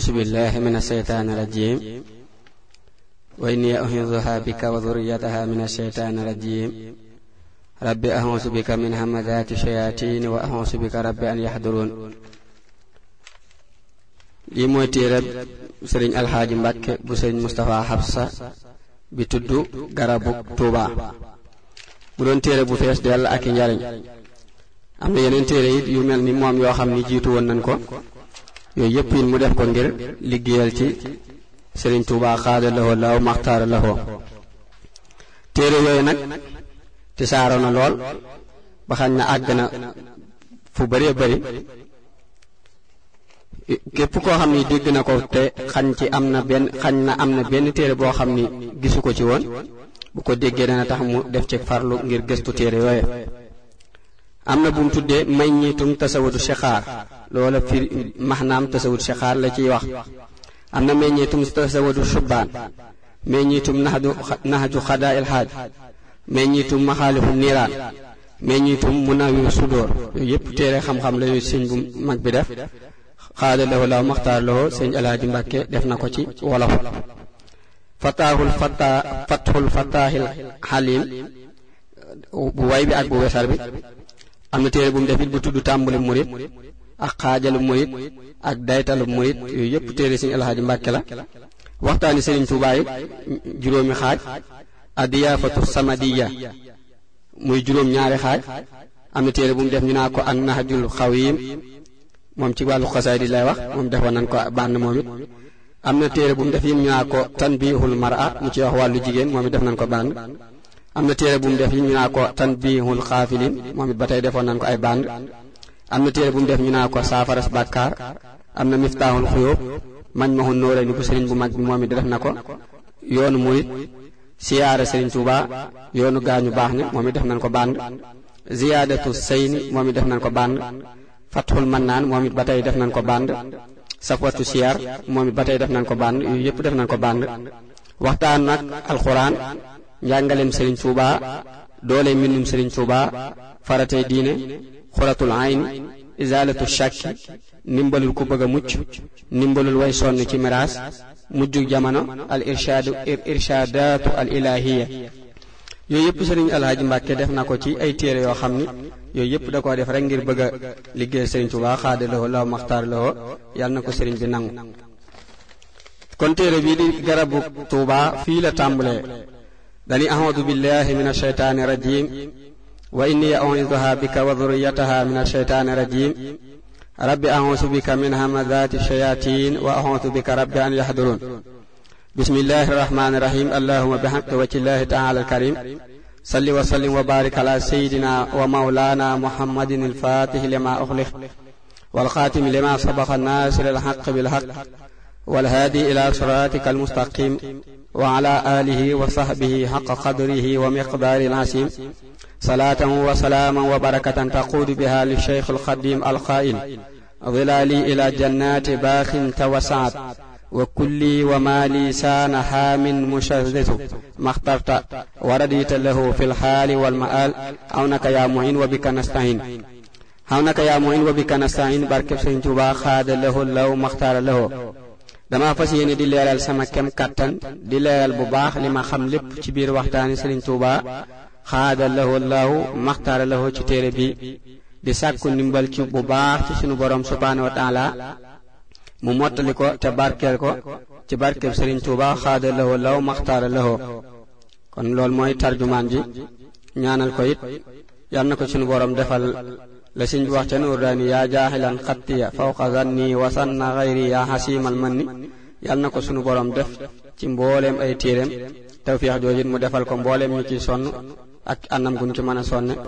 أعوذ بالله من الشيطان الرجيم وإني أعوذها بك وذريتها من الشيطان الرجيم رب أعوذ بك من همذات الشياطين وأعوذ بك رب أن يحضرون lii mooy téerab sëriñ alxaaji mbàkke bu sëriñ mustapha xabsa bi tudd garabu tuuba mu doon téere bu fees dell ak i njariñ am na yeneen téere it yu mel ni moom yoo xam ni jiitu woon nañ ko yooyu yëpp yin mu def ko ngir liggéeyal ci Serigne Touba xaada lahoo laaw maxtaara lahoo téere yooyu nag ti saaro na lool ba xam na àgg na fu bëree bëri képp koo xam ni dégg na ko te xañ ci am na benn xañ na am na benn téere boo xam ni gisu ko ci woon bu ko déggee dana tax mu def ci farlu ngir gëstu téere yooyu am na bu mu tuddee may ñiitum tasawudu sexaar loola fir maxnaam tasawudu sexaar la ciy wax am na may ñiitum tasawudu subbaan may ñiitum naxdu naxju xadaa ilxaaj may ñiitum maxaalifu niiraan may ñiitum munawiru sudóor yooyu yëpp téere xam-xam la yu sëñ bu mag bi def xaada lahu laaw maxtaar lahu sëñ alaaji mbàkke def na ko ci wolof fataaxul fataa fatxul fataaxil xalim bu way bi ak bu wesar bi am na téere bu mu def it bu tudd tàmbali murit ak xaajalu murit ak daytalu murit yooyu yëpp téere sëñ alxaaji mbàkke la waxtaani sëriñ Tuubaa it juróomi xaaj adiyaafatu samadiya muy juróom ñaari xaaj am na téere bu mu def ñu naa ko an xaw xawim moom ci wàllu xasaay di lay wax moom defoon nañ ko bànn moom it am na téere bu mu def yim ñu naa ko tanbihul mar'a mu ci wax wàllu jigéen moom def nañ ko bànn am na téere bu def ñu naa ko tanbihul xaafilin moom it ba tey defoon nañ ko ay band am na téere bu mu def ñu naa ko saafaras bàkkaar am na miftaahul xuyóob mañ maxun nóoré ni bu sëriñ bu mag bi moom it def na ko yoonu murit siyaara sëriñ Tuuba yoonu gaañu baax ñi moom it def nañ ko band ziyaadatu sayni moom it def nañ ko band fathul mannaan moom it ba tey def nañ ko band safwatu siyaar moom it ba tey def nañ ko band yooyu yëpp def nañ ko band waxtaan nag njàngaleem Serigne Touba doole mbindum Serigne Touba faratey diine xuratul ayn izalatu shakki ndimbalul ku bëgg a mucc ndimbalul way sonn ci miraas mujjug jamono al irshaadu irshaadaatu al ilahiya yooyu yëpp Serigne Alhaji Mbacke def na ko ci ay téere yoo xam ni yooyu yëpp da koo def rek ngir bëgg liggéey Serigne Touba xaada loxo law maxtaar loxo yàlla na ko Serigne bi nangu kon téere bii di garabu Touba fii la tàmbalee dani audu billahi min alsheytaani irajim wa inni auiduha bika wa dhurriyataha min alsheytaani irajim rabbi audu bika min hamadati shayatin wa audu bika rabbi an yahdurun bismillahi irrahmani irrahim allahuma bihamdi wajhillahi taala alkarim salli wa sallim wa barik ala sayidina wa maulana muhammadin alfatih lima uxliq walxaatimi lima sabaqa nasir alxaq bilxaq والهادي إلى صراطك المستقيم وعلى آله وصحبه حق قدره ومقدار العظيم صلاة وسلاما وبركة تقود بها للشيخ القديم القائل ظلالي إلى جنات باخ توسعت وكلي ومالي سان حام مشرد ما اخترت ورديت له في الحال والمآل عونك يا معين وبك نستعين عونك يا معين وبك نستعين بركب سنجوبا خاد له لو ما اختار له dama fas yéene di leeral sama kem kàttan di leeral bu baax li ma xam lépp ci biir waxtaani Sëriñ Tuubaa xaada lahu allahu maxtaara lahu ci téere bi di sàkku ndimbal ci bu baax ci sunu borom subhaanahu wa taala mu mottali ko te barkeel ko ci barkeb Sëriñ Tuubaa xaada lahu allahu maxtaara lahu kon loolu mooy tarjumaan ji ñaanal ko it yal na ko sunu borom defal la sëñ wax ca nuur daani yaa jaaxilan xattiya fawqa zanni wa sanna xayri yaa xasiimal man ni yal na ko sunu borom def ci mbooleem ay téeréem tawféex joojit mu defal ko mbooleem ñi ciy sonn ak anam guñ ci mën a sonne